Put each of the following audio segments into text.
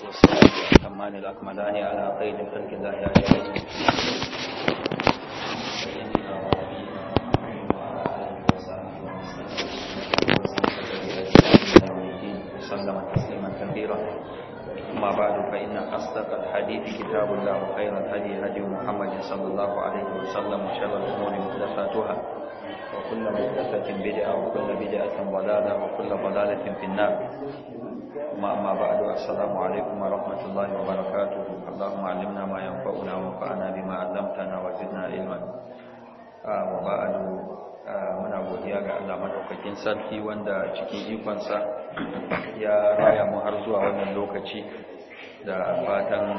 والصلاة والسلام الأتمان على خير خلق الله أجمعين سيدنا ونبينا وعلى آله وصحبه وسلم وسلم تسليما كثيرا أما بعد فإن أصدق الحديث كتاب الله وخير الهدي هدي محمد صلى الله عليه وسلم وشر الأمور محدثاتها وكل محدثة بدعة وكل بدعة ضلالة وكل ضلالة في النار ثم أما بعد السلام عليكم ورحمة الله وبركاته اللهم علمنا ما ينفعنا وانفعنا بما علمتنا وزدنا علما وبعد muna godiya ga Allah madaukakin sarki wanda cikin ikonsa ya raya mu har zuwa wannan lokaci da fatan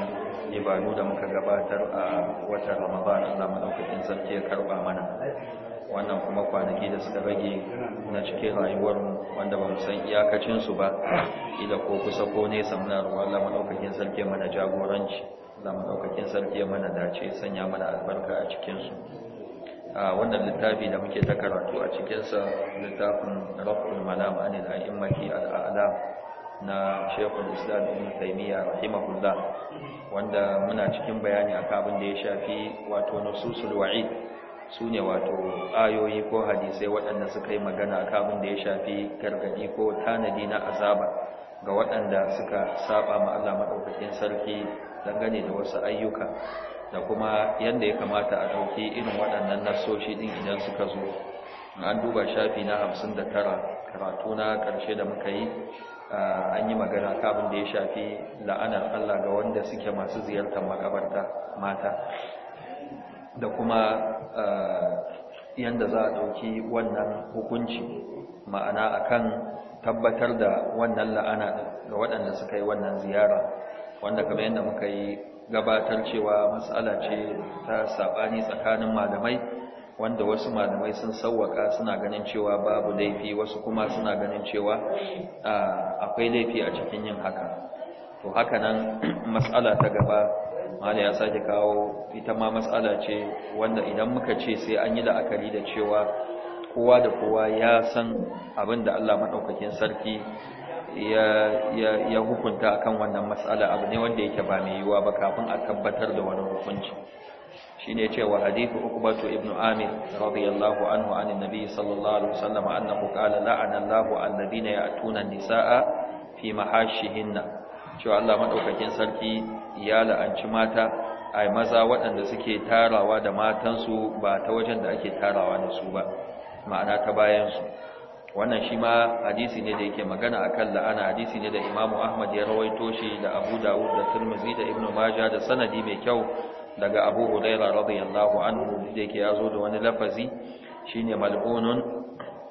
ibadu da muka gabatar a watan Ramadan Allah madaukakin sarki ya karba mana wannan kuma kwanaki da suka rage na cikin rayuwar wanda ba mu san iyakacin su ba ila ko kusa ko nesa muna ruwa Allah madaukakin sarki mana jagoranci Allah madaukakin sarki mana dace sanya mana albarka a cikin su a wannan littafi da muke ta karatu a cikin sa littafin Rabbul Malam da a'immati al a'la na Sheikhul Islam Ibn Taymiyyah rahimahullah wanda muna cikin bayani akan abin da ya shafi wato nususul wa'id su ne wato ayoyi ko hadisai waɗanda suka yi magana kan da ya shafi gargadi ko tanadi na azaba ga waɗanda suka saba ma Allah maɗaukakin sarki dangane da wasu ayyuka da kuma yadda ya kamata a ɗauki irin waɗannan nasoshi ɗin idan suka zo an duba shafi na hamsin da tara karatu na ƙarshe da muka yi an yi magana kabin da ya shafi la'anar Allah ga wanda suke masu ziyartar makabarta mata da kuma eh, yanda za a ɗauki wannan hukunci ma'ana akan tabbatar da wannan la'ana ga waɗanda suka yi wannan ziyara wanda kamar yadda muka yi gabatar cewa matsala ce ta saɓani tsakanin malamai wanda wasu malamai sun sauwaka suna ganin cewa babu laifi wasu kuma suna ganin cewa eh, akwai laifi a cikin yin haka to haka nan matsala ta gaba mala ya sake kawo ita ma matsala ce wanda idan muka ce sai an yi la'akari da cewa kowa da kowa ya san abin da Allah maɗaukakin sarki ya hukunta akan wannan matsala abu ne wanda yake ba mai yiwuwa ba kafin a tabbatar da wani hukunci Shi ne cewa hadithu ukbatu ibn amir radiyallahu anhu anin nabi sallallahu alaihi wasallam annahu qala la'ana Allahu alladhina ya'tuna nisaa fi mahashihinna cewa Allah madaukakin sarki ya la'anci mata ai maza waɗanda suke tarawa da matansu ba ta wajen da ake tarawa da su ba ma'ana ta bayan su wannan shi ma hadisi ne da yake magana akan la'ana hadisi ne da Imam Ahmad ya rawaito shi da Abu Dawud da Tirmidhi da Ibn Majah da sanadi mai kyau daga Abu Hurairah radiyallahu anhu da yake yazo da wani lafazi shine mal'unun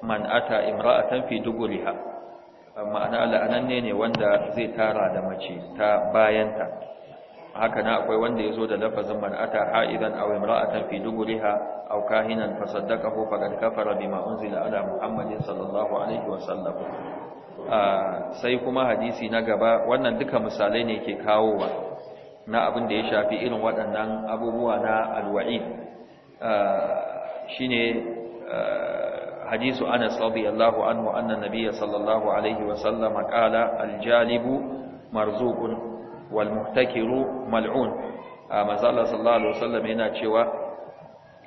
man ata imra'atan fi duburiha ma'ana la'ananne ne wanda zai tara da mace ta bayanta haka na akwai wanda ya zo da lafazin mar'ata ha'idan aw imra'atan fi duburiha aw kahinan fa saddaqahu faqad kafara bima unzila ala muhammadin sallallahu alaihi wa sallam sai kuma hadisi na gaba wannan duka misalai ne ke kawowa na abin da ya shafi irin waɗannan abubuwa na alwa'id shine حديث أنس رضي الله عنه أن النبي صلى الله عليه وسلم قال الجالب مرزوق والمحتكر ملعون ما زال صلى الله عليه وسلم هنا تشوى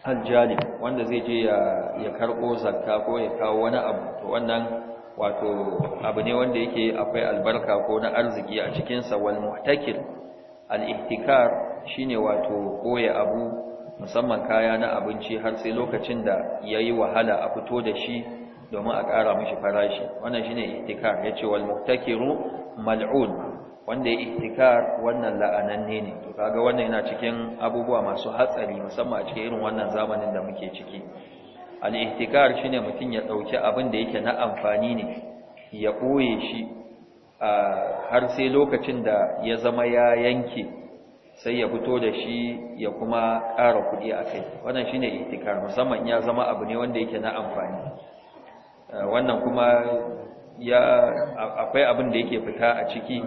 الجالب وأن زي جي يكرقو زكاكو يكاو وانا أبو وانا wato abu ne wanda yake akwai albarka ko na arziki a cikinsa wal muhtakir al ihtikar shine wato koya abu musamman kaya na abinci har sai lokacin da ya yi wahala a fito da shi domin a ƙara mishi farashi wannan shi ne ihtikar ya ce wal muktakiru mal'un wanda ya ihtikar wannan la'ananne ne to kaga wannan yana cikin abubuwa masu hatsari musamman a cikin irin wannan zamanin da muke ciki al ihtikar ne mutum ya ɗauki abin da yake na amfani ne ya ɓoye shi har sai lokacin da ya zama ya yanke sai ya fito da shi ya kuma ƙara kuɗi a kai wannan shine itikar musamman ya zama abu ne wanda yake na amfani eh, wannan kuma akwai abin da yake fita a ciki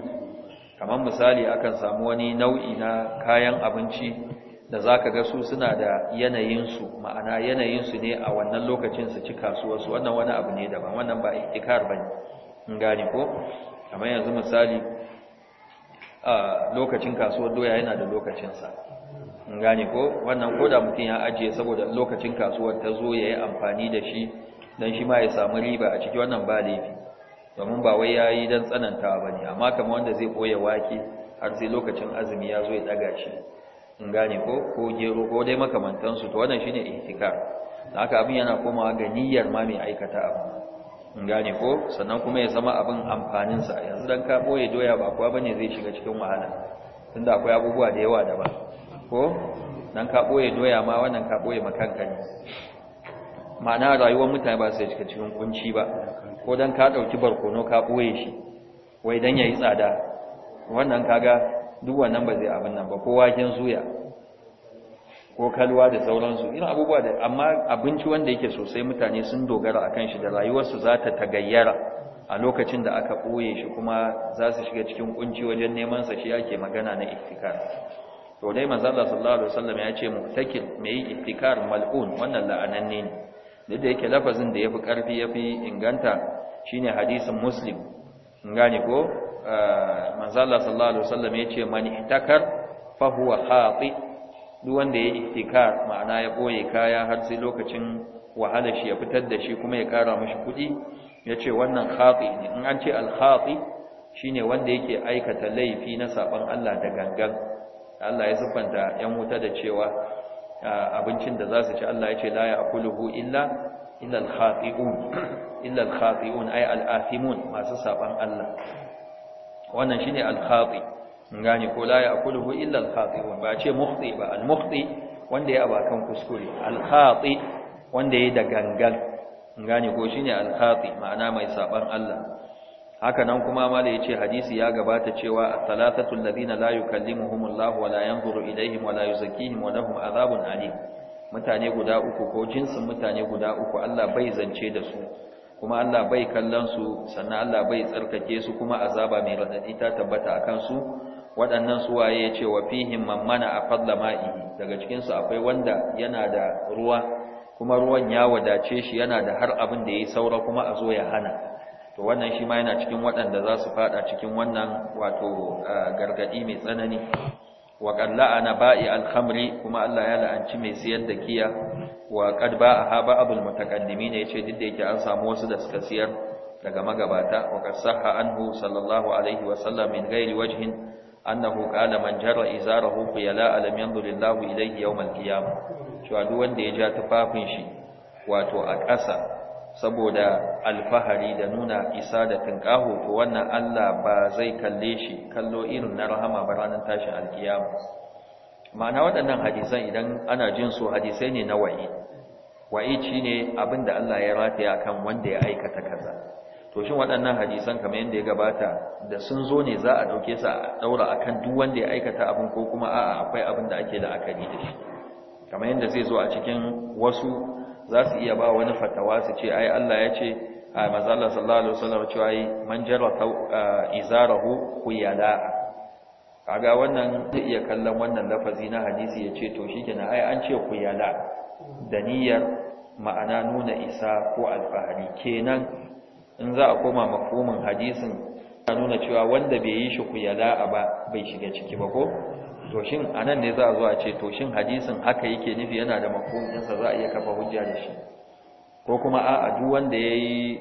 kamar misali akan samu wani nau'i na kayan abinci da zaka ga su suna da yanayinsu ma'ana yanayinsu ne a wannan lokacin su ci kasuwarsu wannan wani abu ne daban wannan ba itikar bane in gane ko kamar yanzu misali lokacin kasuwar doya yana da lokacinsa in gane ko wannan koda mutum ya ajiye saboda lokacin kasuwar ta zo ya yi amfani da shi don shi ma ya samu riba a ciki wannan ba laifi domin ba wai ya yi don tsananta ba ne amma kama wanda zai koya wake har sai lokacin azumi ya zo ya ɗaga shi in gane ko ko gero ko dai makamantansu to wannan shine ihtikar da haka abin yana komawa ga niyyar ma mai aikata abu in gane ko sannan kuma ya zama abin amfanin sa yanzu dan ka boye doya ba kuwa bane zai shiga cikin wahala tunda akwai abubuwa da yawa ba ko dan ka doya ma wannan ka ɓoye makanka ne ma'ana rayuwar mutane ba sai cika cikin kunci ba ko dan ka ɗauki barkono ka boye shi wai dan yayi tsada wannan kaga duk wannan ba zai abin nan ba ko waken zuya ko kalwa da sauransu irin abubuwa da amma abinci wanda yake sosai mutane sun dogara akan shi da rayuwarsu za ta tagayyara a lokacin da aka ɓoye shi kuma za su shiga cikin kunci wajen neman sa shi ake magana na iftikar to dai manzo sallallahu alaihi wasallam ya ce me mai iftikar mal'un wannan la'ananne ne duk da yake lafazin da yafi karfi yafi inganta shine hadisin muslim in gane ko eh, manzo Allah sallallahu alaihi wasallam ya ce man ihtakar fa huwa khati duk wanda ya ihtikar ma'ana ya boye kaya har sai lokacin wahala shi ya fitar da shi kuma ya kara mishi kuɗi ya ce wannan khati ne in an ce shi shine wanda yake aikata laifi na saban Allah da gangan Allah ya siffanta yan wuta da cewa abincin da za su ci Allah ya ce la ya'kuluhu illa illa alkhati'un illa alkhati'un ay al'athimun masu saban Allah wannan shine alkhati gane ko la ya'kuluhu illa al-khati'un ba ce mukhti ba al wanda ya abakan kuskure al-khati wanda ya da gangan gane ko shine al-khati ma'ana mai saban Allah haka nan kuma mala yace hadisi ya gabata cewa at-talatatu alladhina la yukallimuhumullahu wa la yanzuru ilayhim wa la yuzakkihim wa lahum adhabun alim mutane guda uku ko jinsin mutane guda uku Allah bai zance da su kuma Allah bai kallon su sannan Allah bai tsarkake su kuma azaba mai radadi ta tabbata akan su waɗannan su waye ya ce wa fihim mammana a fadla ma'ihi daga cikinsu akwai wanda yana da ruwa kuma ruwan ya wadace shi yana da har abin da ya yi saura kuma a zo ya hana to wannan shi ma yana cikin waɗanda za su faɗa cikin wannan wato gargadi mai tsanani wa qalla'ana ba'i al-khamri kuma Allah ya la'anci mai siyar da kiya wa qad ba'aha ne, mutaqaddimin yace duk da yake an samu wasu da suka siyar daga magabata wa qad sahha anhu sallallahu alaihi wa sallam min ghairi wajhin annahu qala man jarra izarahu fa yala alam yanzurillahu ilayhi yawmal qiyamah cewa duk wanda ya ja tufafin shi wato a ƙasa saboda alfahari da nuna isa da tunƙaho to wannan Allah ba zai kalle shi kallo irin na rahama ba ranar tashin alkiyama ma'ana waɗannan hadisan idan ana jin su hadisai ne na wa'i wa'i shine abinda Allah ya rataya akan wanda ya aikata kaza to shin waɗannan hadisan kamar yadda ya gabata da sun zo ne za a ɗauke su a ɗaura akan duk wanda ya aikata abin ko kuma a'a akwai abin da ake la'akari da shi kamar yadda zai zo a cikin wasu za su iya ba wani fatawa su ce ai Allah ya ce a mazalla sallallahu alaihi wasallam ce ai man jarra izarahu kuyala kaga wannan zai iya kallon wannan lafazi na hadisi ya ce to shikenan ai an ce kuyala da niyyar ma'ana nuna isa ko alfahari kenan in za a koma mafhumin hadisin ya nuna cewa wanda bai yi shi kuyala ba bai shiga ciki ba ko to shin anan ne za a zo a ce to shin hadisin haka yake nufi yana da mafhumin za a iya kafa hujja da shi ko kuma a duk wanda yayi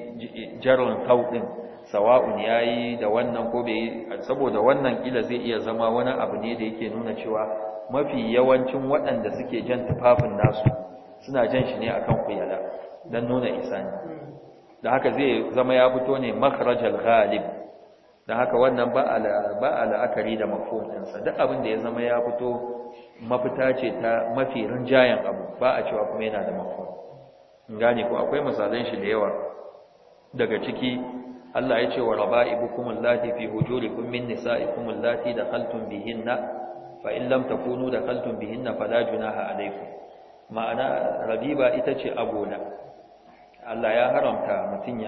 jarrin kaudin sawa'un yayi da wannan ko bai yi? saboda wannan kila zai iya zama wani abu ne da yake nuna cewa mafi yawancin waɗanda suke jan tufafin nasu suna jan shi ne akan kuyala dan nuna isani da haka zai zama ya fito ne makharajal ghalib da haka wannan ba la'akari da mafominsa duk abin da ya zama ya fito mafita ce ta mafi rinjayen abu ba a cewa kuma yana da mafom gane ko akwai misalan shi da yawa daga ciki Allah ya ce wa raba'ibukum allati fi hujurikum min nisa'ikum allati dakhaltum bihinna fa in lam takunu dakhaltum bihinna fala junaha alaykum ma'ana rabiba ita ce abona Allah ya haramta mutum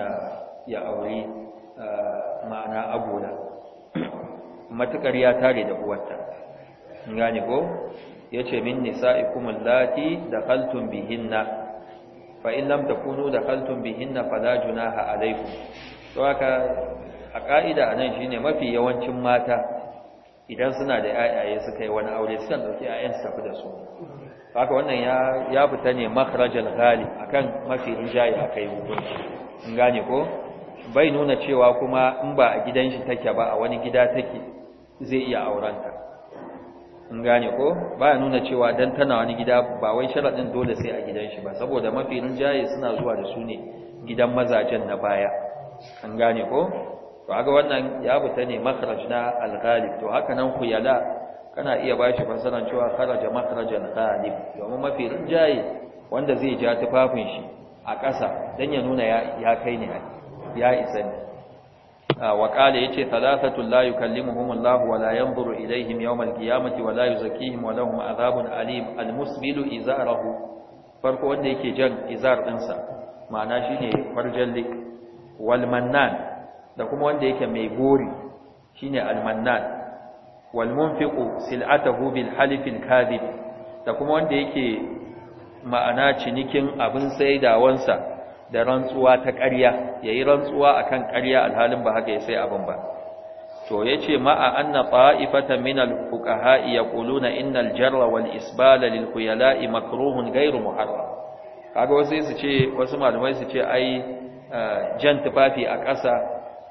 ya aure ma'ana abuwa matukar ya tare da uwarta gani ko ce min lati da haltun bihinna fa in lam da dakhaltum bihinna juna ha alaifu to haka a ka'ida anan ne mafi yawancin mata idan suna da 'ya'ya'ya suka yi wani aure suka ɗauki yayan su tafi da su haka wannan ya fita ne makharajal ghali akan mafi rijayi akai hukunci in gane ko bai nuna cewa kuma in ba a gidan shi take ba a wani gida take zai iya aurenta in gane ko ba ya nuna cewa dan tana wani gida ba wai sharadin dole sai a gidan shi ba saboda mafi rijayi suna zuwa da su ne gidan mazajen na baya an gane ko to haka wannan ya fita ne makharaj na al-ghalib to haka nan ku yala. kana iya bashi fasaran cewa kharaja makharajan ghalib domin mafi rinjaye wanda zai ja tufafin shi a ƙasa dan ya nuna ya kai ne ya isa ne wa qala yace thalathatu la yukallimuhum Allah wa la yanzuru ilaihim yawm al-qiyamati wa la yuzakkihim wa lahum adhabun alim al-musbilu izarahu farko wanda yake jan izar dinsa ma'ana shine farjalli wal mannan da kuma wanda yake mai gori shine al-mannan wal munfiqu sil'atahu bil halifil kadhib da kuma wanda yake ma'ana cinikin abin saidawansa da rantsuwa ta ƙarya yayi rantsuwa akan ƙarya alhalin ba haka ya sai abin ba to yace ma'a anna ta'ifatan min al fuqaha yaquluna innal jarra wal isbala lil khuyala'i makruhun ghairu muharram kaga wasu su ce wasu malamai su ce ai eh, jan tufafi a ƙasa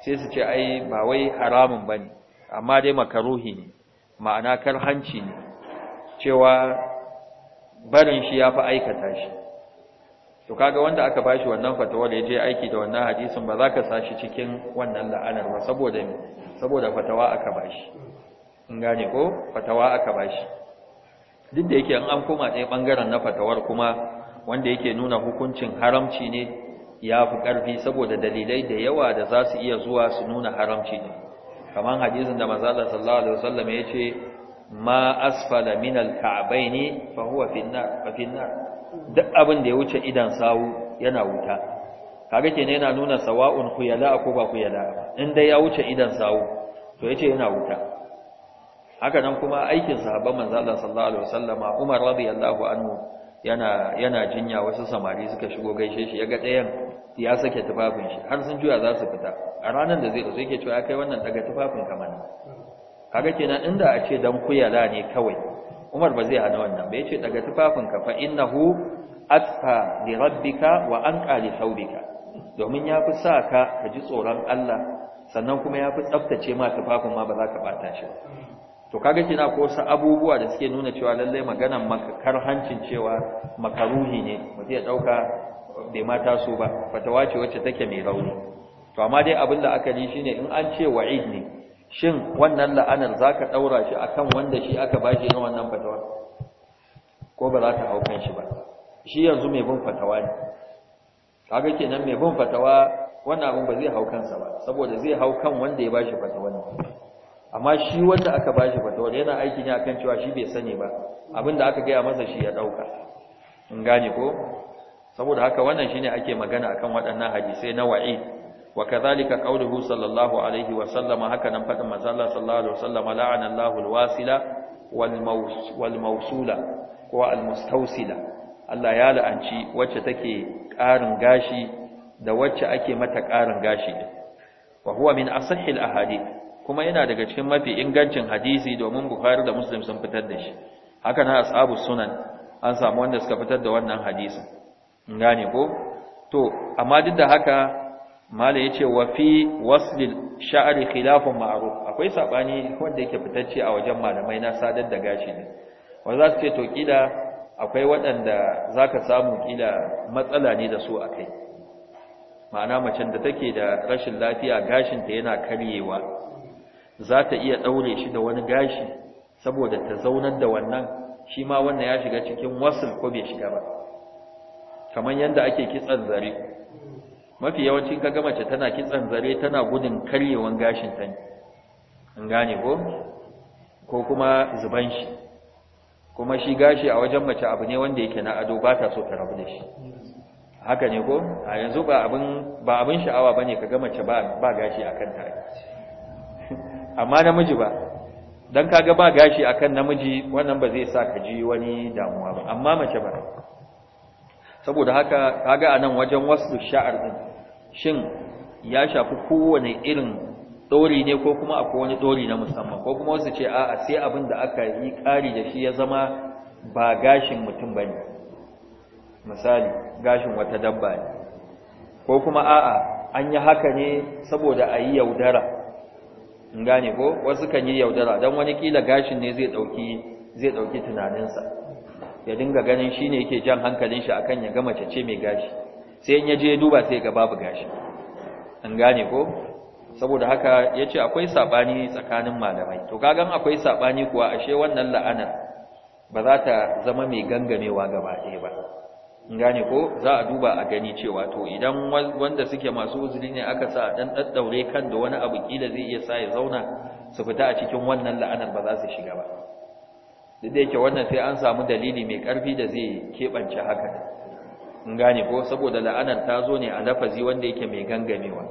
sai su ce ai ba wai haramun bane amma dai makaruhi ne ma'ana kar hanci ne cewa barin shi ya fi aikata shi to kaga wanda aka bashi wannan fatawar ya je aiki da wannan hadisin ba za ka sashi cikin wannan la'anar ba saboda saboda fatawa aka bashi in gane ko fatawa aka bashi duk da yake an an koma ɗaya ɓangaren na fatawar kuma wanda yake nuna hukuncin haramci ne ya fi ƙarfi saboda dalilai da yawa da za su iya zuwa su nuna haramci ne kaman hadisin da manzo Allah sallallahu alaihi wasallam yace ma asfala min al-ka'bayn fa huwa finna. an duk abin da ya wuce idan sawu yana wuta kaga kenan yana nuna sawa'un khuyala ko ba khuyala ba in dai ya wuce idan sawu to yace yana wuta haka nan kuma aikin sahabban manzo Allah sallallahu alaihi wasallama Umar radiyallahu anhu yana yana jinya wasu samari suka shigo gaishe shi yaga ɗayan ya sake tufafin shi har sun juya za su fita a ranar da zai zo yake cewa kai wannan daga tufafin ka mana kaga kenan inda a ce dan kuyala ne kawai Umar ba zai hana wannan ba yace daga tufafin ka fa innahu atqa li rabbika wa anqa li thawbika domin yafi sa ka ka ji tsoron Allah sannan kuma ya fi tsaftace ma tufafin ma ba za ka bata shi to kaga kina ko wasu abubuwa da suke nuna cewa lallai maganan hancin cewa makaruhi ne mu zai dauka bai mata so ba fatawa ce wacce take mai rauni to amma dai abin da aka yi shine in an ce wa'id ne shin wannan la'anar zaka daura shi akan wanda shi aka bashi na wannan fatawa ko ba za ta hau kan shi ba shi yanzu mai bin fatawa ne kaga kenan mai bin fatawa wannan abin ba zai hau kansa ba saboda zai hau kan wanda ya bashi fatawa ne amma shi wanda aka bashi fatawa yana aiki ne akan cewa shi bai sani ba abin da aka gaya masa shi ya dauka in gane ko saboda haka wannan shine ake magana akan waɗannan hadisai na wa'id wa kadhalika qawluhu sallallahu alaihi wa sallama haka nan fadin manzo Allah sallallahu alaihi wa sallama la'ana Allahu al wal mawsula ko al-mustawsila Allah ya la'anci wacce take ƙarin gashi da wacce ake mata ƙarin gashi wa huwa min asahhil ahadith kuma yana daga cikin mafi ingancin hadisi domin Bukhari da Muslim sun fitar da shi haka na ashabu sunan an samu wanda suka fitar da wannan hadisin gane ko to amma duk da haka malai yace wa fi waslil sha'ri khilafun ma'ruf akwai sabani wanda yake fitacce a wajen malamai na sadar da gashi ne wa za su ce to kila akwai waɗanda zaka samu kila matsala ne da su akai ma'ana macen da take da rashin lafiya gashin ta yana karyewa za ta iya daure shi da wani gashi saboda ta zaunar da wannan shi ma wannan ya shiga cikin wasl ko bai shiga ba kamar yadda ake kitsan zare mafi yawancin ka mace tana kitsan zare tana gudun karyewan gashin ta in gane ko ko kuma zuban shi kuma shi gashi a wajen mace abu ne wanda yake na ado ba ta so ta rabu da shi haka ne ko a yanzu ba abin ba abin sha'awa bane ka ga mace ba ba gashi akan ta amma namiji ba dan kaga ba gashi akan namiji wannan ba zai sa ka ji wani damuwa ba amma mace ba saboda haka kaga anan wajen wasu sha'ar din shin ya shafi kowane irin dori ne ko kuma akwai wani dori na musamman ko kuma wasu ce a'a sai abin da aka yi ƙari da shi ya zama ba gashin mutum bane misali gashin wata dabba ne ko kuma a'a an yi haka ne saboda a yi yaudara in gane ko wasu kan yi yaudara don wani kila gashin ne zai zai ɗauki tunaninsa ya dinga ganin shi ne yake jan hankalin shi akan ya gama cece mai gashi sai in ya je duba sai ga babu gashi an gane ko saboda haka yace akwai sabani tsakanin malamai to kagan akwai sabani kuwa ashe wannan la'anar ba za ta zama mai gangamewa gaba ɗaya ba in gane ko za a duba a gani cewa to idan wanda suke masu uzuri ne aka sa dan daddaure kan da wani abu kila zai iya sa ya zauna su fita a cikin wannan la'anar ba za su shiga ba da da yake wannan sai an samu dalili mai ƙarfi da zai keɓance haka in gane ko saboda la'anar ta zo ne a lafazi wanda yake mai gangamewa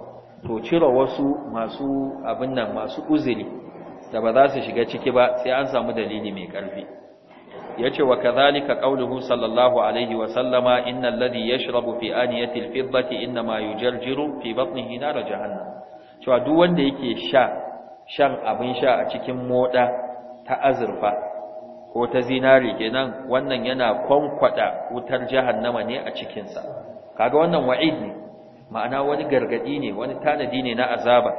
to cire wasu masu abin nan masu uzuri da ba za su shiga ciki ba sai an samu dalili mai ƙarfi ya ce wa kazalika qauluhu sallallahu alaihi wa sallama ya ladhi yashrabu fi aniyati inna fiddati inma yujarjiru fi batnihi nar jahannam cewa duk wanda yake sha shan abin sha a cikin moda ta azurfa ko ta zinari kenan wannan yana kwankwada wutar jahannama ne a cikinsa kaga wannan wa'id ne ma'ana wani gargadi ne wani tanadi ne na azaba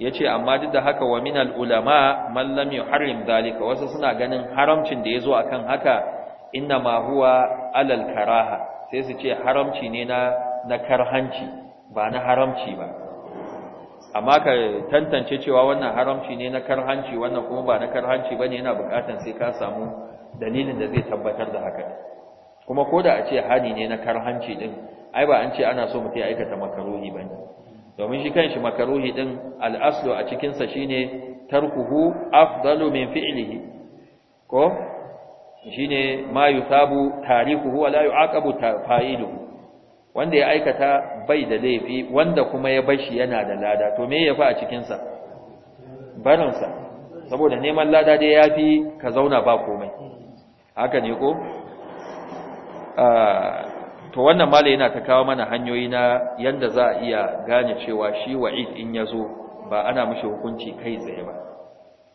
yace amma duk da haka wa minal ulama man lam yuharrim zalika wasu suna ganin haramcin da yazo akan haka inna ma huwa alal karaha sai su ce haramci ne na na karhanci ba na haramci ba amma ka tantance cewa wannan haramci ne na karhanci wannan kuma ba na karhanci bane yana bukatan sai ka samu dalilin da zai tabbatar da haka kuma ko da a ce hani ne na karhanci din ai ba an ce ana so mutum ya aikata makaruhi bane domin shi kanshi makaruhi din al-aslu a cikin sa shine tarkuhu afdalu min fi'lihi ko shine ma yusabu tarikuhu wa la yu'aqabu fa'iluhu wanda ya aikata bai da laifi wanda kuma ya bashi yana da lada to me ya fi a cikinsa barinsa saboda neman lada dai ya fi ka zauna ba komai haka ne ko to wannan mala yana ta kawo mana hanyoyi na yadda za a iya gane cewa shi wa'id in yazo, zo ba ana mishi hukunci kai tsaye ba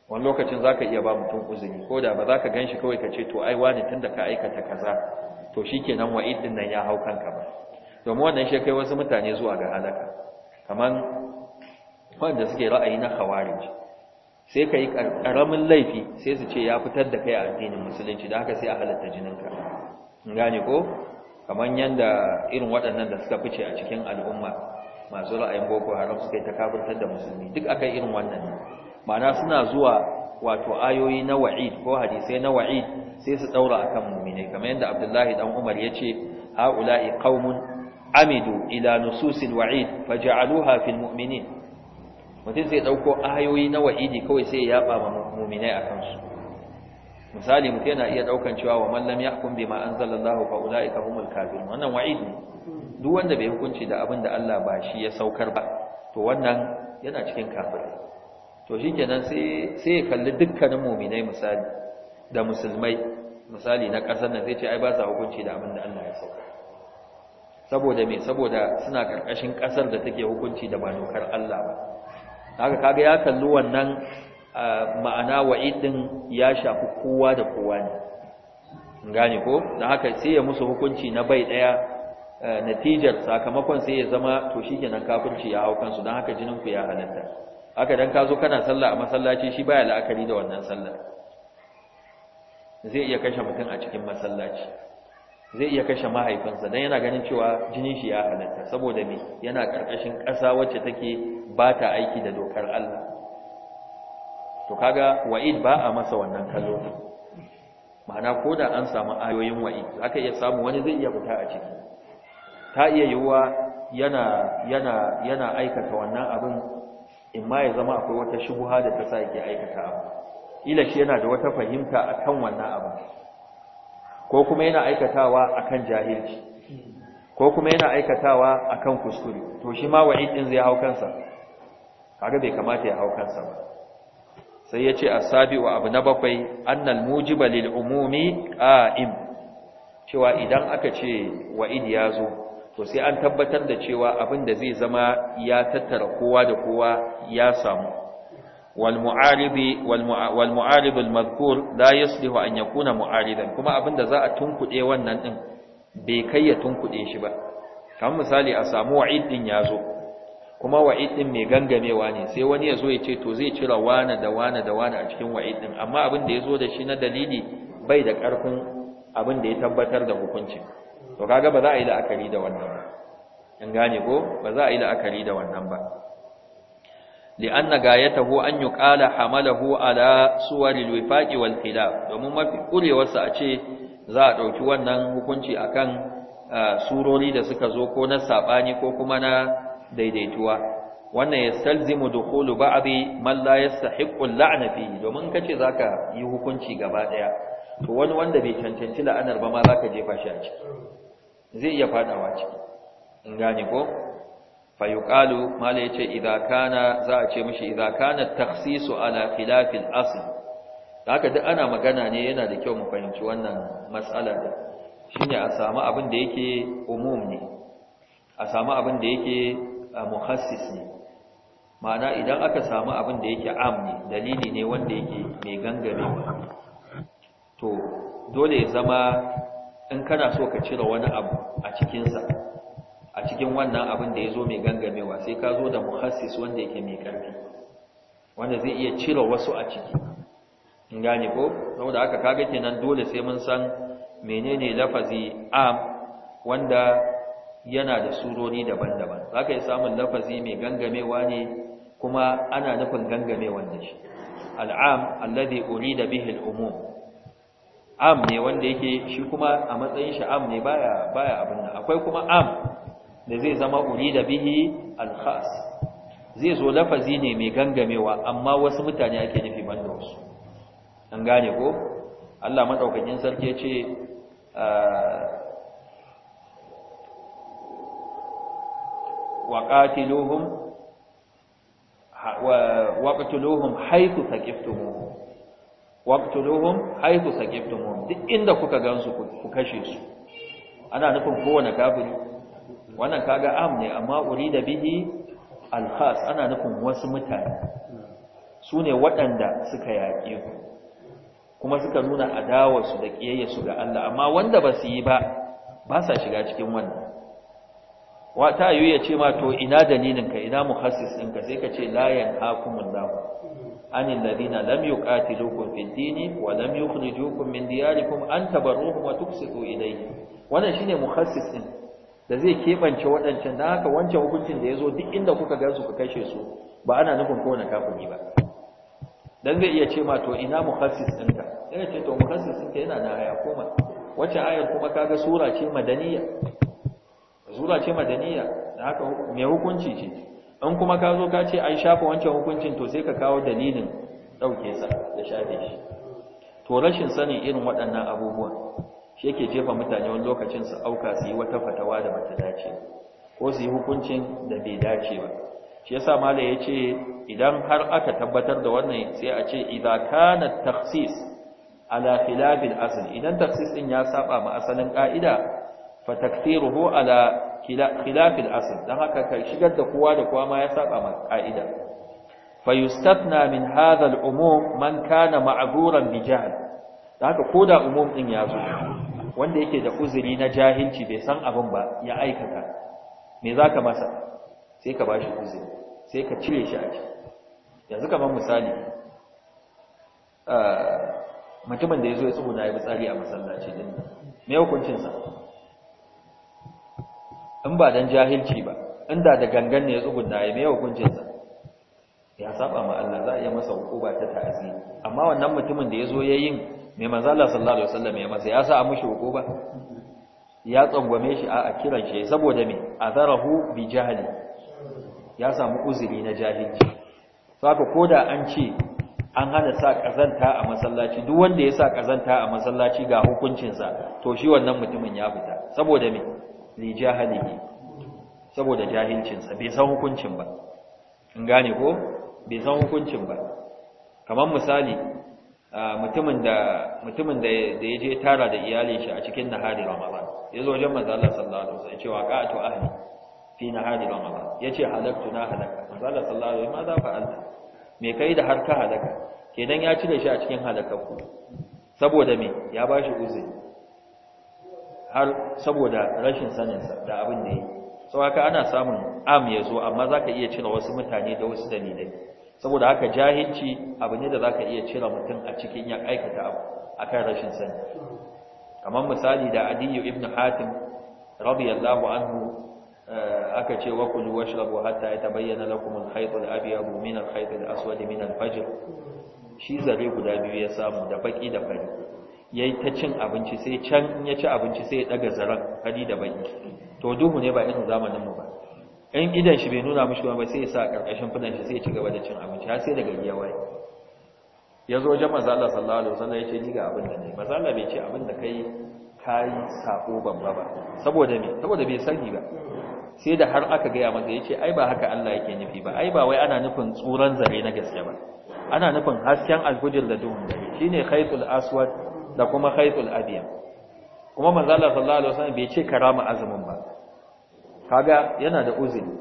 wani lokacin za ka iya ba mutum uzuri ko da ba za ka gan kawai ka ce to ai wani tun ka aikata kaza to shi kenan wa'id din nan ya hau kanka ba domin wannan shi kai wasu mutane zuwa ga halaka kaman wanda suke ra'ayi na khawarij sai ka yi ƙaramin laifi sai su ce ya fitar da kai a addinin musulunci da haka sai a halatta jininka gane ko kamar yadda irin waɗannan da suka fice a cikin al'umma masu ra'ayin boko haram suka yi ta kafirtar da musulmi duk akai irin wannan ma'ana suna zuwa wato ayoyi na wa'id ko hadisai na wa'id sai su daura akan mu'mini kamar yadda Abdullahi dan Umar ya yace ha'ula'i qaumun amidu ila nususil wa'id faj'aluha fil mu'minin mutum zai dauko ayoyi na wa'idi kawai sai ya yaba ma mu'minai akan su misali mutum yana iya daukan cewa wa man lam yahkum bima anzalallahu fa ulaika humul kafirun wannan wa'id ne duk wanda bai hukunci da abin da Allah ba shi ya saukar ba to wannan yana cikin kafirai to shikenan sai sai ya kalli dukkanin mu'minai misali da musulmai misali na kasar nan zai ce ai ba sa hukunci da abin da Allah ya saukar saboda me saboda suna ƙarƙashin ƙasar da take hukunci da ba dokar Allah ba haka kaga ya kalli wannan ma'ana wa'id din ya shafi kowa da kowa ne gane ko don haka sai ya musu hukunci na bai ɗaya. natijar sakamakon sai ya zama to shi nan kafirci ya hau kansu don haka jinin ku ya halatta haka dan ka zo kana sallah a masallaci shi baya la'akari da wannan sallar zai iya kashe mutum a cikin masallaci zai iya kashe mahaifinsa don yana ganin cewa jinin shi ya halatta saboda mai yana ƙarƙashin ƙasa wacce take ba ta aiki da dokar Allah to kaga wa'id ba a masa wannan kallo ma'ana ko da an samu ayoyin wa'id aka iya samu wani zai iya fita a ciki ta iya yiwuwa yana yana yana aikata wannan abin in ma ya zama akwai wata shubuha da ta sa yake aikata abu ila shi yana da wata fahimta a kan wannan abin ko kuma yana aikatawa akan jahilci ko kuma yana aikatawa akan kuskure to shi ma wa'id din zai hau kansa kaga bai kamata ya hau kansa ba sai ya yace asabi wa abu na bakwai annal mujiba lil umumi qa'im cewa idan aka ce wa'id ya zo to sai an tabbatar da cewa abin da zai zama ya tattara kowa da kowa ya samu والمعارض والمعارض المذكور لا يصلح أن يكون معارضا كما za a tunkuɗe wannan din bai kai ya tunkude shi ba kamar misali a samu wa'id din yazo kuma wa'id din mai gangamewa ne sai wani yazo ya ce to zai cira wani da wani da wani a cikin wa'id din amma abin da yazo da shi na dalili bai da karfin abin da ya tabbatar da hukunci. to kaga ba za a yi la'akari da wannan ba in gane ko ba za a yi la'akari da wannan ba li'anna gayatahu an yuqala hamalahu ala suwaril wifaqi wal khilaf domin mafi kurewarsa a ce za a dauki wannan hukunci akan surori da suka zo ko na sabani ko kuma na daidaituwa wannan yastalzimu dukhulu ba'dhi man la yastahiqqu al-la'na fi, domin kace zaka yi hukunci gaba daya to wani wanda bai cancanci la'anar ba ma zaka jefa shi a ciki zai iya fadawa ciki in gane ko fayuqalu mala yace idza kana za a ce mashi. idza kana takhsisu ala khilafil asl haka duk ana magana ne yana da kyau mu fahimci wannan matsala da shine a samu abin da yake umum ne a samu abin da yake muhassis ne ma'ana idan aka samu abin da yake am ne dalili ne wanda yake mai gangarewa to dole ya zama in kana so ka cire wani abu a cikinsa a cikin wannan abin da ya zo mai gangamewa sai ka zo da muhassis wanda yake mai ƙarfi wanda zai iya cire wasu a ciki in gane ko saboda haka kaga kenan dole sai mun san menene lafazi am wanda yana da surori daban-daban zaka yi samun lafazi mai gangamewa ne kuma ana nufin gangamewa da shi al'am alladhi urida bihi al'umum am ne wanda yake shi kuma a matsayin shi am ne baya baya abin nan akwai kuma am da zai zama uri da bihi alkhas zai zo lafazi ne mai gangamewa amma wasu mutane ake nufi banda wasu an gane ko Allah madaukakin sarki ya ce وقاتلوهم وقتلوهم حيث ثقفتموهم وقتلوهم haythu ثقفتموهم duk inda kuka gansu ku kashe su ana nufin kowane kafiri wannan kaga am ne amma urida bihi alkhas ana nufin wasu mutane su ne waɗanda suka yaƙi kuma suka nuna su da su ga Allah amma wanda ba su yi ba ba sa shiga cikin wannan wata yi ya ce ma to ina dalilinka ina muhassis ɗinka sai ka ce la yanhakumul lahu an ladina lam yuqatilukum fid dini wa lam yukhrijukum min diyarikum an wa tuqsitu ilayhi wannan shine muhassis ɗin da zai keɓance waɗancan da haka wancan hukuncin da ya zo duk inda kuka gansu ka kashe su ba ana nufin kowane kafiri ba dan zai iya ce ma to ina mukhassis ɗinka yana ce to mukhassis ɗinka yana na aya koma wacce ayar kuma kaga sura ce madaniya sura ce madaniya da haka mai hukunci ce in kuma ka zo ka ce an shafa wancan hukuncin to sai ka kawo dalilin ɗauke sa da shafe shi to rashin sanin irin waɗannan abubuwan shi yake jefa mutane wani lokacin su auka su yi wata fatawa da bata dace ko su yi hukuncin da bai dace ba shi yasa mala ce idan har aka tabbatar da wannan sai a ce idza kana taksis ala khilaf al idan taksis din ya saba ma asalin ka'ida fa takthiruhu ala khilaf al dan haka ka shigar da kowa da kowa ma ya saba ma ka'ida fa yustatna min hadha al-umum man kana ma'zuran bi jahl dan haka koda umum din ya zo wanda yake da uzuri na jahilci bai san abin ba ya aikata me za ka masa sai ka ba shi uzuri sai ka cire shi a ciki yanzu kamar misali eh, mutumin da ya zo ya tsuguna ya fitsari a masallaci din me hukuncinsa in ba don jahilci ba inda da gangan ne ya tsuguna ya me sa. ya saba ma Allah za a iya masa hukuba ta ta'azi amma wannan mutumin da ya zo ya yin mai manzo Allah sallallahu alaihi wasallam ya masa ya sa a mushi hukuma ya tsangwame shi a kiran shi saboda me azarahu bi jahli ya samu uzuri na jahilci saka koda an ce an hana sa kazanta a masallaci duk wanda ya sa kazanta a masallaci ga hukuncinsa to shi wannan mutumin ya fita saboda me li jahalihi saboda jahilcinsa bai san hukuncin ba in gane ko bai san hukuncin ba kamar misali mutumin da mutumin da ya je tara da iyalin shi a cikin nahari ramadan ya zo wajen manzo Allah sallallahu alaihi wasallam yace ce wa qa'atu ahli fi nahari ramadan ya ce halaktu na halaka manzo Allah sallallahu alaihi wasallam ma za fa Allah me kai da har ka halaka kenan ya cire shi a cikin ku? saboda me ya bashi uzuri har saboda rashin sanin da abin da yake sau haka ana samun am ya zo amma za ka iya cire wasu mutane da wasu dalilai saboda haka jahilci abu ne da zaka iya cire mutum a cikin ya aikata abu akan rashin sani kamar misali da Aliyu ibn hatim radiyallahu anhu eh, aka ce wa kulu washrabu hatta yatabayyana lakum al-khayt al-abyad min al-khayt al-aswad min al-fajr shi zare guda biyu ya samu da baki da fari yayi ta cin abinci sai can in ya ci abinci sai ya daga zaran fari da baki to duhu ne ba irin zamanin mu ba in idan shi bai nuna mishi ba sai ya sa karkashin fidan shi sai ya ci gaba da cin abinci har sai daga gari ya waye ya zo wajen manzo Allah sallallahu alaihi wasallam ya ce ni ga abin da ne manzo Allah bai ce abin da kai kai sako babba ba saboda me saboda bai sani ba sai da har aka gaya masa ya ce ai ba haka Allah yake nufi ba ai ba wai ana nufin tsuran zare na gaske ba ana nufin hasken alfujir da duhun Shi ne khaytul aswad da kuma khaytul adiyam kuma manzo Allah sallallahu alaihi wasallam bai ce karama azumin ba kaga yana da uzuri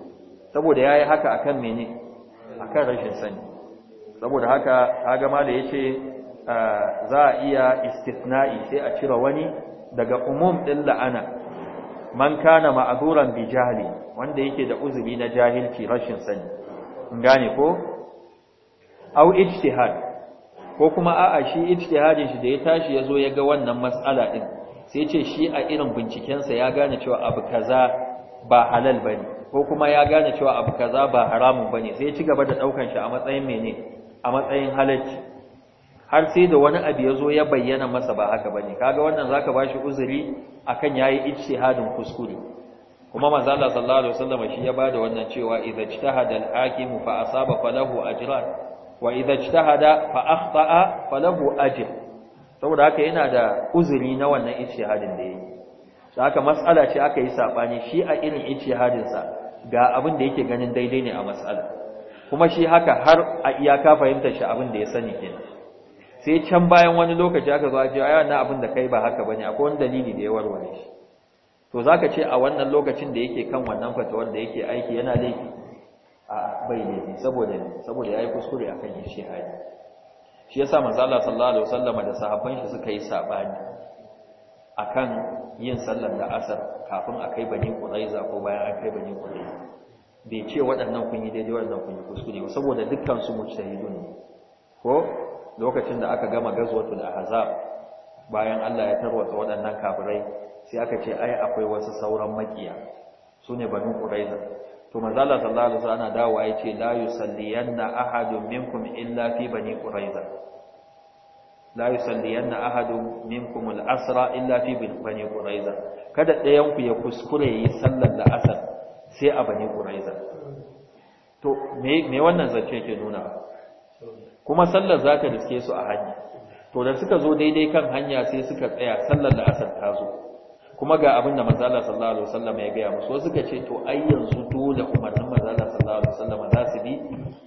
saboda yayi haka akan mene akan rashin sani saboda haka kaga mala yace ah, za a iya istithna'i sai a cire wani daga umum din la'ana man kana ma'duran bi jahli wanda yake da uzuri na jahilci rashin sani in gane ko au ijtihad ko kuma a'a shi ijtihadin shi da ya tashi yazo ya ga wannan mas'ala din sai ce shi a irin bincikensa ya gane cewa abu kaza ba halal bane ko kuma ya gane cewa abu kaza ba haramun bane sai ya ci gaba da daukan shi a matsayin mene a matsayin halacci har sai da wani abu ya zo ya bayyana masa ba haka bane kaga wannan zaka bashi uzuri akan yayi ijtihadin kuskure kuma manzo Allah sallallahu alaihi wasallam shi ya bada wannan cewa idza ijtahada al-hakim fa asaba falahu ajran wa idza ijtahada fa akhta'a falahu ajr saboda haka yana da uzuri na wannan ijtihadin da yake Zaka aka matsala ce aka yi saɓani shi a irin ice hadinsa ga abin da yake ganin daidai ne a matsala kuma shi haka har a iyaka fahimtar shi abin da ya sani kenan sai can bayan wani lokaci aka zo a ce ai abin da kai ba haka bane akwai wani dalili da ya warware shi to za ka ce a wannan lokacin da yake kan wannan fatawar da yake aiki yana laifi a bai laifi saboda saboda yi kuskure akan yi shi ya sa Allah sallallahu alaihi wasallama da sahabban shi suka yi a kan. yin sallar da asar kafin a kai bani ƙuraiza ko bayan a kai bani ƙuraiza bai ce waɗannan kun yi daidai waɗannan kun yi kuskure ba saboda dukkan su mujtahidu ne ko lokacin da aka gama gazwatul ahzab bayan Allah ya tarwata waɗannan kafirai sai aka ce ai akwai wasu sauran makiya sune bani ƙuraiza to manzo sallallahu alaihi wasallam ana dawowa yace la yusalliyanna ahadun minkum illa fi bani ƙuraiza la yusalliyanna ahadun minkum al-asra illa fi bani quraiza kada dayan ku ya kuskure yi sallar la'asar sai a bani quraiza to me me wannan zance yake nuna kuma sallar za riske su a hanya to da suka zo daidai kan hanya sai suka tsaya sallar la'asar ta zo kuma ga abin da Allah sallallahu alaihi wasallam ya gaya musu suka ce to ai yanzu dole umarnin Allah sallallahu alaihi wasallam za su bi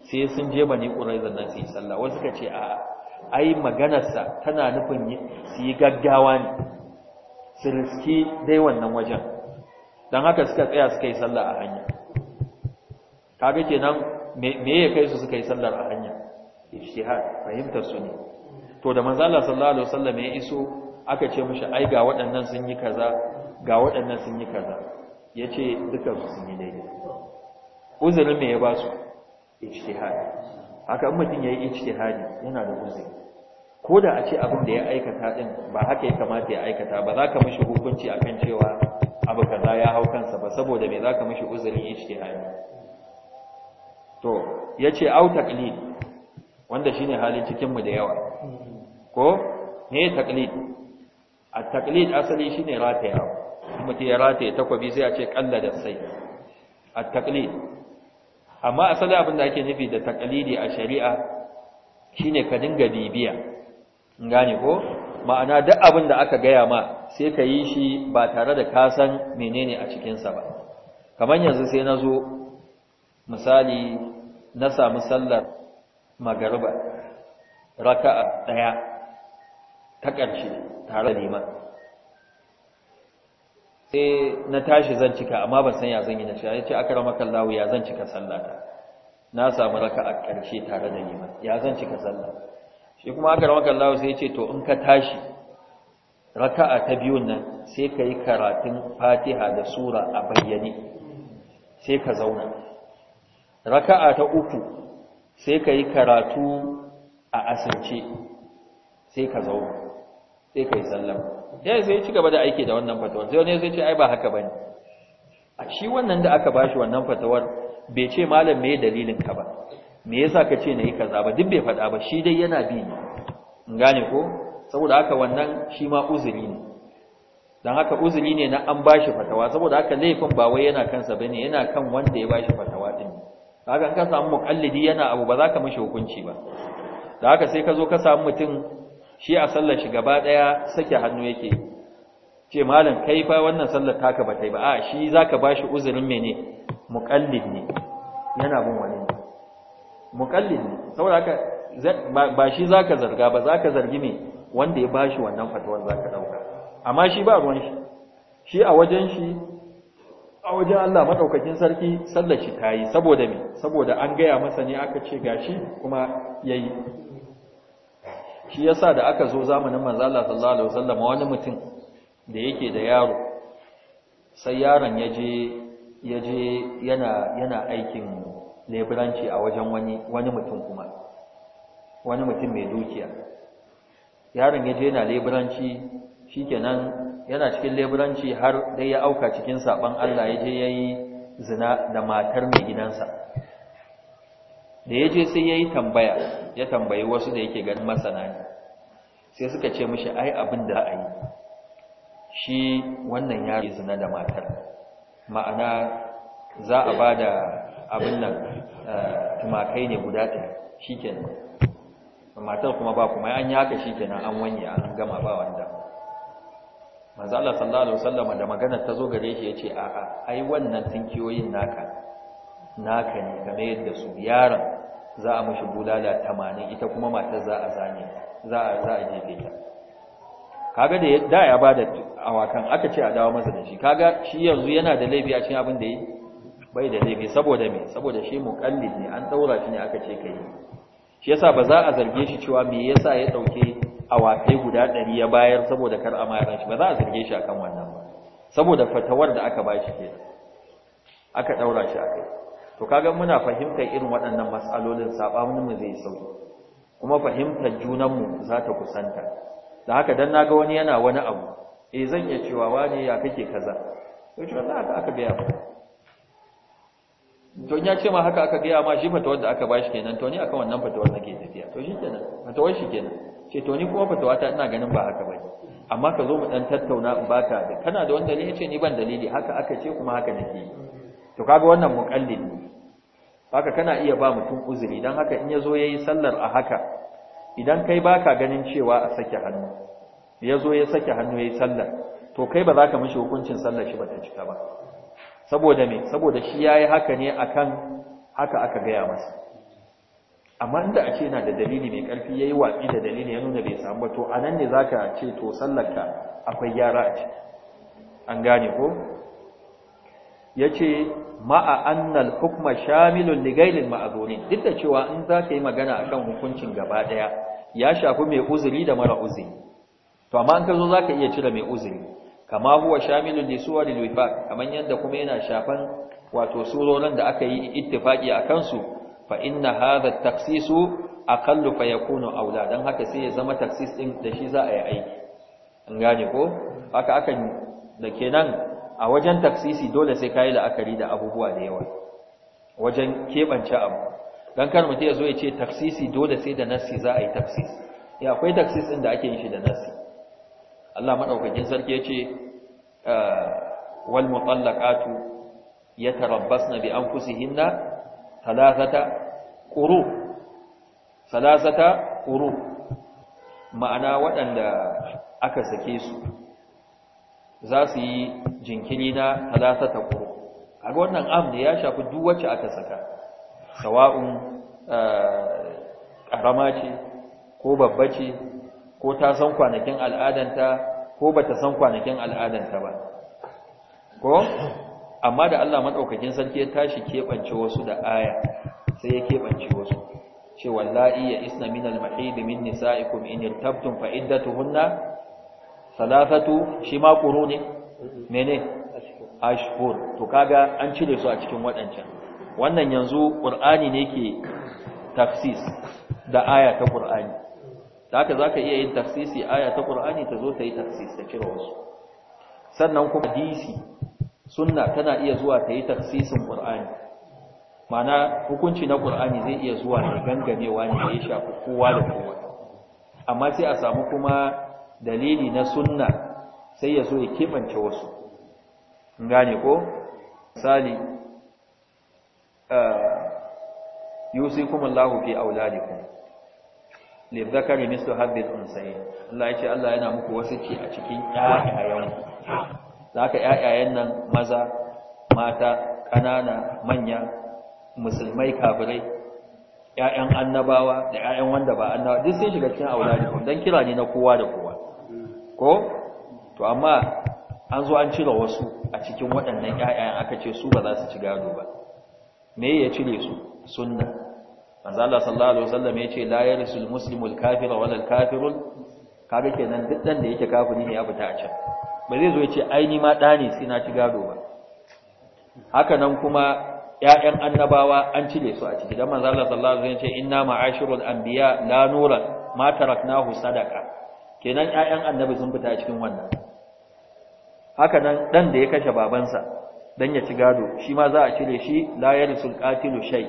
sai sun je bani quraiza nan su yi sallah wasu suka ce a'a ai maganarsa tana nufin su yi gaggawa ne su riski dai wannan wajen don haka suka tsaya suka yi sallah a hanya kaga kenan me ya kai su suka yi sallar a hanya ijtihad fahimtar su ne to da manzo Allah sallallahu alaihi ya iso aka ce mishi ai ga waɗannan sun yi kaza ga waɗannan sun yi kaza yace ce su sun yi daidai uzurin me ya ba su ijtihad haka in mutum ya yi ijtihadi yana da uzuri ko da a ce abin da ya aikata din ba haka ya kamata ya aikata ba za ka mishi hukunci akan cewa abu kaza ya hau kansa ba saboda me za ka mishi uzuri ijtihadi to yace au taqlid wanda shine halin cikin mu da yawa ko ne taqlid A taqlid asali shine rataya mutum ya rataye takwabi sai a ce kallada sai a taqlid amma asali abin da ake nufi da taqlidi a shari'a shine ka dinga bibiya gane ko ma'ana duk abin da aka gaya ma sai ka yi shi ba tare da ka san menene a cikinsa ba kamar yanzu sai na zo misali na samu sallar magariba raka'a ɗaya ta ƙarshe tare da liman sai na tashi zan cika amma ban san ya zan yi na cika yace akramaka Allah ya zan cika sallata na samu a karshe tare da ni ya zan cika sallah shi kuma akramaka Allah sai yace to in ka tashi raka a ta biyun nan sai ka yi karatun Fatiha da sura a bayyane sai ka zauna Raka a ta uku sai ka yi karatu a asirce sai ka zauna sai ka yi sallama ya sai ci gaba da aiki da wannan fatawar sai wani sai ce ai ba haka bane a shi wannan da aka bashi wannan fatawar bai ce malam me dalilin ka ba me yasa ka ce nayi kaza ba duk bai faɗa ba shi dai yana bi ne in gane ko saboda haka wannan shi ma uzuri ne dan haka uzuri ne na an bashi fatawa saboda haka laifin ba wai yana kansa bane yana kan wanda ya bashi fatawa din haka in ka samu muqallidi yana abu ba za ka mishi hukunci ba da haka sai ka zo ka samu mutum shi a sallar shi gaba daya sake hannu yake ce malam kai fa wannan sallar taka ba kai ba a shi zaka bashi uzurin mene muqallid ne yana bin wani muqallid ne saboda haka ba shi zaka zarga ba zaka zargi me wanda ya bashi wannan fatuwar zaka dauka amma shi ba ruwan shi shi a wajen shi a wajen Allah madaukakin sarki sallar shi tayi saboda me saboda an gaya masa ne aka ce gashi kuma yayi shi yasa da aka zo zamanin manzo Allah sallallahu alaihi wasallam wani mutum da yake da yaro sai yaron yaje yaje yana yana aikin leburanci a wajen wani wani mutum kuma wani mutum mai dukiya yaron yaje yana leburanci shikenan yana cikin leburanci har dai ya auka cikin saban Allah ya yaje yayi zina da matar mai gidansa da ya je sai ya yi tambaya ya tambayi wasu da yake ganin masana ne sai suka ce mishi ai abin da a yi shi wannan ya yi zina da matar ma'ana za a ba da abin nan eh, tumakai ne guda ta shi kenan matar kuma ba kuma an yaka shi kenan an wanye an gama ba wanda manzo Allah sallallahu alaihi wasallam da maganar ta zo gare shi ya ce a'a ai wannan tunkiyoyin naka naka ne game yadda su yaron za a mashi bulala tamanin ita kuma matar za a zane za a za a jefe ta kaga da da ya bada awakan aka ce a dawo masa da shi kaga shi yanzu yana da laifi a cikin abin da yi bai da laifi saboda me saboda shi muqallid ne an daura shi ne aka ce kai shi yasa ba za a zarge shi cewa me yasa ya dauke awakai guda 100 ya bayar saboda kar a mayar shi ba za a zarge shi akan wannan ba saboda fatawar da aka ba shi kenan aka daura shi akai to kaga muna fahimtar irin waɗannan matsalolin sabanin mu zai sauki kuma fahimtar junan mu za ta kusanta da haka dan naga wani yana wani abu eh zan iya cewa wani ya kake kaza to shi wannan aka aka gaya to ya ce ma haka aka gaya ma shi fatawar da aka bashi kenan to ni akan wannan fatawar ke tafiya to shi kenan fatawar shi kenan ce to ni kuma fatawa ta ina ganin ba haka bane amma ka zo mu dan tattauna in baka da kana da wani dalili ce ni ban dalili haka aka ce kuma haka nake yi to kaga wannan muqallid ne haka kana iya ba mutum uzuri dan haka in yazo yayi sallar a haka idan kai baka ganin cewa a sake hannu yazo ya sake hannu yayi sallar to kai ba za ka mishi hukuncin sallar shi ta cika ba saboda me saboda shi yayi haka ne akan haka aka gaya masa amma inda a ce yana da dalili mai karfi yayi watsi da dalili ya nuna bai samu ba to anan ne zaka ce to sallarka akwai gyara a ciki an gane ko Ya ce ma'a annal hukuma shamilun ligailin ma’azoni duk da cewa in za ka yi magana a kan hukuncin gaba ɗaya, ya shafi mai uzuri da mara uzuri to amma an ka zo za ka iya cire mai uzuri kama huwa shamilun suwa da wifaq kamar yadda kuma yana shafan wato surorin da aka yi ittifaƙi a kansu, fa inna hadha taksisu a kallu fa yakunu aula Don haka sai ya zama taksis ɗin da shi za a yi aiki an gane ko haka akan da kenan a wajen taksisi dole sai kayi la'akari da abubuwa da yawa wajen keɓance abu don kar mutum ya zo ya ce taksisi dole sai da nassi za a yi taksisi ya eh, akwai taksis ɗin da ake yin shi da nassi Allah maɗaukakin sarki ya ce ah, wal mutallaqatu yatarabbasna bi anfusihinna thalathata quru thalathata quru ma'ana waɗanda aka sake su za su yi jinkiri na talata ta kuro ga wannan am ne ya shafi duk wacce aka saka sawa'un ƙarama eh, ce ko babba ce ko ta san kwanakin al'adanta ko ba ta san kwanakin al'adanta ba ko amma da Allah maɗaukakin sarki ya tashi keɓance wasu da aya sai ya keɓance wasu ce wallahi ya isna minal mahid min nisaikum in yi irtabtum fa iddatuhunna salafatu shi ma quru ne mene ashkur to kaga an cire su a cikin waɗancan. wannan yanzu ƙur'ani ne ke tafsis da aya ta qur'ani haka ka iya yin tafsisi aya ta ƙur'ani ta zo ta yi tafsis ta cire wasu sannan kuma hadisi sunna tana iya zuwa ta yi tafsisin ƙur'ani. ma'ana hukunci na ƙur'ani zai iya zuwa ne gangamewa ne ya shafi kowa da kowa amma sai a samu kuma dalili na sunna sai ya zo ya kimanta wasu gane ko misali eh, yusikum Allahu fi auladikum lizzakari mislu hadhihi al-unsayn Allah yace Allah yana muku wasiki a cikin ƴaƴayen zaka ƴaƴayen nan maza mata ƙanana manya musulmai kafirai ƴaƴan annabawa da ƴaƴan wanda ba annabawa duk sun shiga cikin auladikum dan kira ne na kowa da kowa ko to amma an zo an cire wasu a cikin waɗannan ƴaƴan aka ce su ba za su ci gado ba me ya cire su sunna manzo Allah sallallahu alaihi wasallam ya ce la yarsul muslimul kafira wala al kafirul kaga kenan duk dan da yake kafiri ne ya fita a can ba zai zo ya ce ai ni ma da ne sai na ci gado ba haka nan kuma ƴaƴan annabawa an cire su a ciki dan manzo Allah sallallahu alaihi wasallam ya ce inna ma'ashirul anbiya la nuran ma taraknahu sadaqa kenan ƴaƴan annabi sun fita cikin wannan haka nan dan da ya kashe babansa dan ya ci gado shi ma za a cire shi la yarisul qatilu shay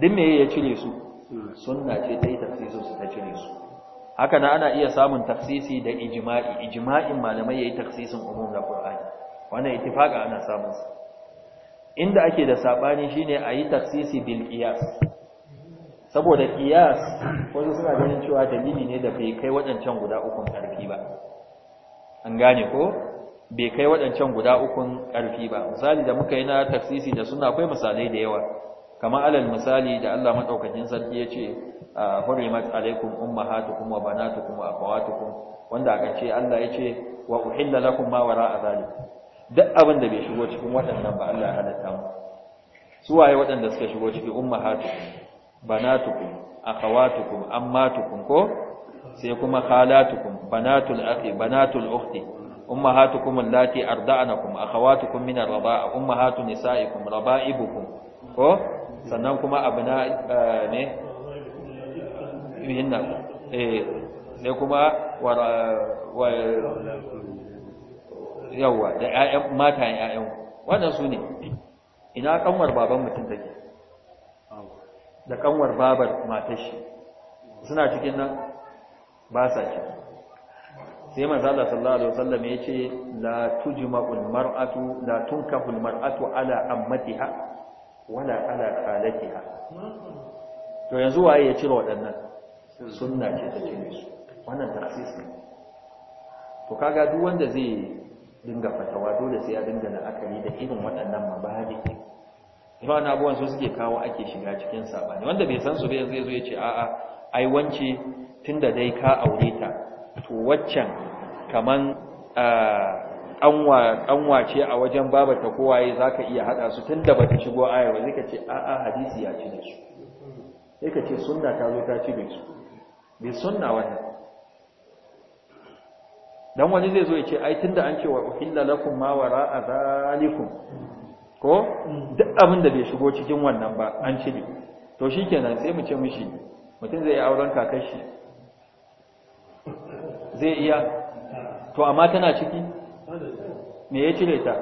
din meye ya cire su sunna ce ta yi tafsirin su ta cire su haka nan ana iya samun tafsisi da ijma'i ijma'in malamai yayi tafsirin umum na qur'ani wannan ittifaqa ana samun sa inda ake da sabani shine ayi tafsisi bil qiyas saboda kiyas, wasu suna ganin cewa dalili ne da bai kai waɗancan guda ukun ƙarfi ba an gane ko bai kai waɗancan guda ukun ƙarfi ba misali da muka yi na tafsisi da suna akwai misalai da yawa kamar alal misali da Allah madaukakin sarki ya ce ah, hurrimat alaikum ummahatukum wa banatukum wa akhawatukum wanda aka ce Allah ya ce wa uhilla lakum ma wara'a zalik duk abin da bai shigo cikin waɗannan ba Allah ya halatta mu su waye waɗanda suka shigo cikin ummahatukum banatukum akhawatukum ammatukum ko sai kuma khalatukum banatul akhi banatul ukhti ummahatukum allati arda'anakum akhawatukum min ar-rida'a ummahatu nisa'ikum raba'ibukum ko sannan kuma abna eh, ne ihinna eh ne kuma wa yawa da ƴaƴan mata ƴaƴan wannan su ne ina kanwar baban mutum take da kanwar babar matashi shi suna cikin nan ba sa cikin sai manzala sallallahu alaihi wasallam ya ce la tujma'ul mar'atu la tunkahul mar'atu ala ammatiha wala ala khalatiha to yanzu waye ya cire waɗannan sunna ce ta cire su wannan taksis ne to kaga duk wanda zai dinga fatawa dole sai ya dinga akali da irin waɗannan mabadi ba na abubuwan su suke kawo ake shiga cikin sabani wanda bai san su bai zai zo ya ce a'a ai wance tunda dai ka aure ta to waccan kaman anwa ce a wajen babata kowaye zaka iya hada su tunda bata shigo aya ba zai ka ce a'a hadisi ya ci da su sai ka ce sunna ta zo ta ci da su bai sunna wannan dan wani zai zo ya ce ai tunda an ce wa uhilla lakum ma wara'a zalikum ko duk abin da bai shigo cikin wannan ba an cire to shi kenan sai mu ce mishi mutum zai yi auren kakashi zai iya to amma tana ciki me ya cire ta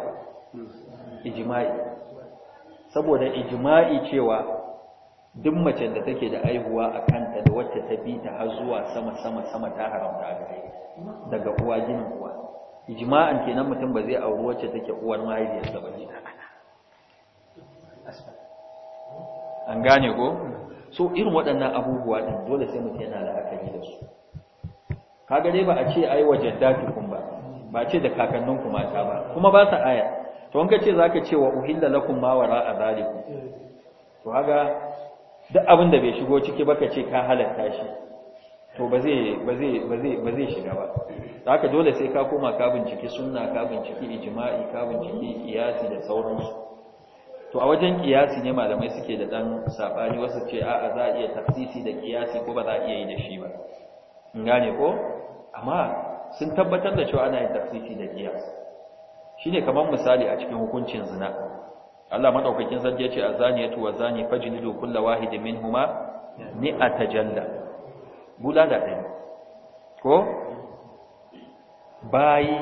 ijima'i saboda ijima'i cewa duk mace da take da aihuwa a kanta da wacce ta bi ta har zuwa sama sama sama ta haramta a gare daga uwa ginin uwa Ijima'an kenan mutum ba zai auri wacce take uwar mahaifiyarsa ba ne an gane ko so irin waɗannan abubuwa ɗin dole sai mutum yana la'akari da su kaga dai ba a ce ai wajen datukun ba ba ce da kakanninku mata ba kuma ba sa aya to wanka ce za ka ce wa uhilla lakum ma wara a zaliku to haga duk abin da bai shigo ciki ba ka ce ka halatta shi to ba zai shiga ba da haka dole sai ka koma ka binciki sunna ka binciki ijma'i ka iyasi da sauransu to a wajen kiyasi ne malamai suke da dan sabani wasu ce a'a za a iya tafsisi da kiyasi ko ba za a iya yi da shi ba in gane ko amma sun tabbatar da cewa ana yin tafsisi da kiyasi shine kamar misali a cikin hukuncin zina Allah madaukakin sarki yace azaniyatu wa zani fajlidu kullu wahidin minhuma atajalla bula da ɗaya ko bayi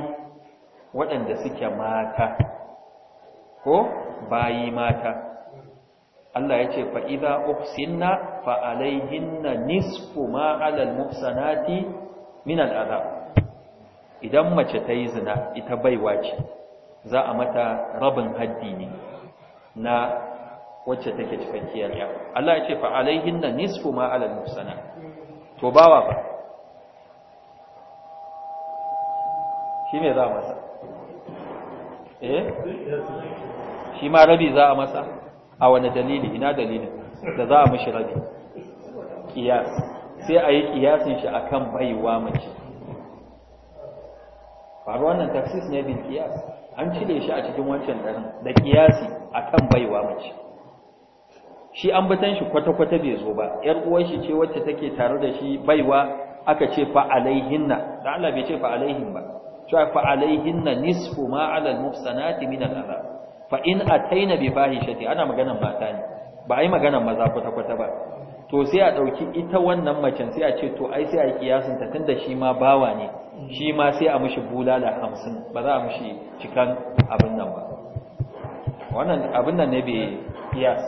waɗanda suke mata ko bayi mata Allah ya ce fa'iza ufsinna fa'alaihinna nisfu ma'alal mufsanati min al'adab idan mace ta yi zina ita baiwa ce za a mata rabin haddi ne na wacce take cikakkiyar ya Allah ya ce fa'alaihinna nisfu ma'alal mufsanati to bawa ba shi ne za masa eh shi ma rabi za a masa a wani dalili ina dalilin da za a mashi rabi ƙiyas sai a yi ƙiyasin shi a kan baiwa mace faru wannan taksis ne bin ƙiyas an cire shi a cikin wancan daren da ƙiyasi a kan baiwa mace shi an batan shi kwata-kwata bai zo ba ‘yar uwar shi ce wacce take tare da shi baiwa aka ce fa'alaihinna da Allah bai ce fa'alaihin ba cewa fa'alaihinna nisfu ma'alal mufsanati min al'azab fa in ataina bi fahishati ana maganan mata ne ba ai maganan maza kwata kwata ba to sai a dauki ita wannan macen sai a ce to ai sai a kiyasin ta tunda shi ma bawa ne shi ma sai a mishi bulala 50 ba za a mishi cikan abin nan ba wannan abin nan ne bai kiyas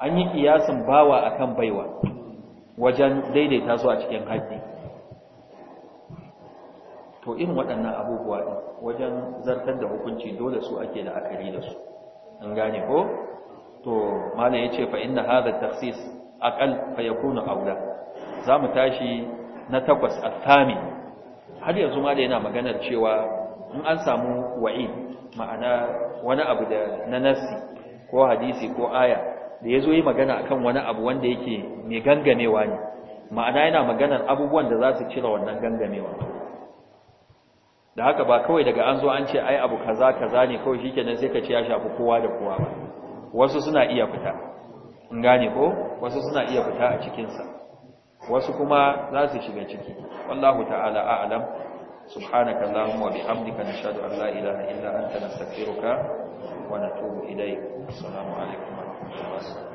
an yi kiyasin bawa akan baiwa wajen daidaita su a cikin haƙƙi to irin waɗannan abubuwa ɗin wajen zartar da hukunci dole su ake da akari da su an gane ko to malam ya ce fa inna hadha takhsis aqal fa yakunu aula za mu tashi na takwas athami har yanzu ma da yana maganar cewa in an samu wa'id ma'ana wani abu da na nasi ko hadisi ko aya da ya zo yi magana akan wani abu wanda yake mai gangamewa ne ma'ana yana maganar abubuwan da za su cire wannan gangamewa da haka ba kawai daga an zo an ce ai abu kaza kaza ne kawai shikenan sai ka ci ya shafi kowa da kowa ba wasu suna iya fita in gane ko wasu suna iya fita a cikin sa wasu kuma za su shiga ciki wallahu ta'ala a'lam subhanaka allahumma wa bihamdika nashhadu an la ilaha illa anta nastaghfiruka wa natubu ilayk assalamu alaikum wa rahmatullahi wa barakatuh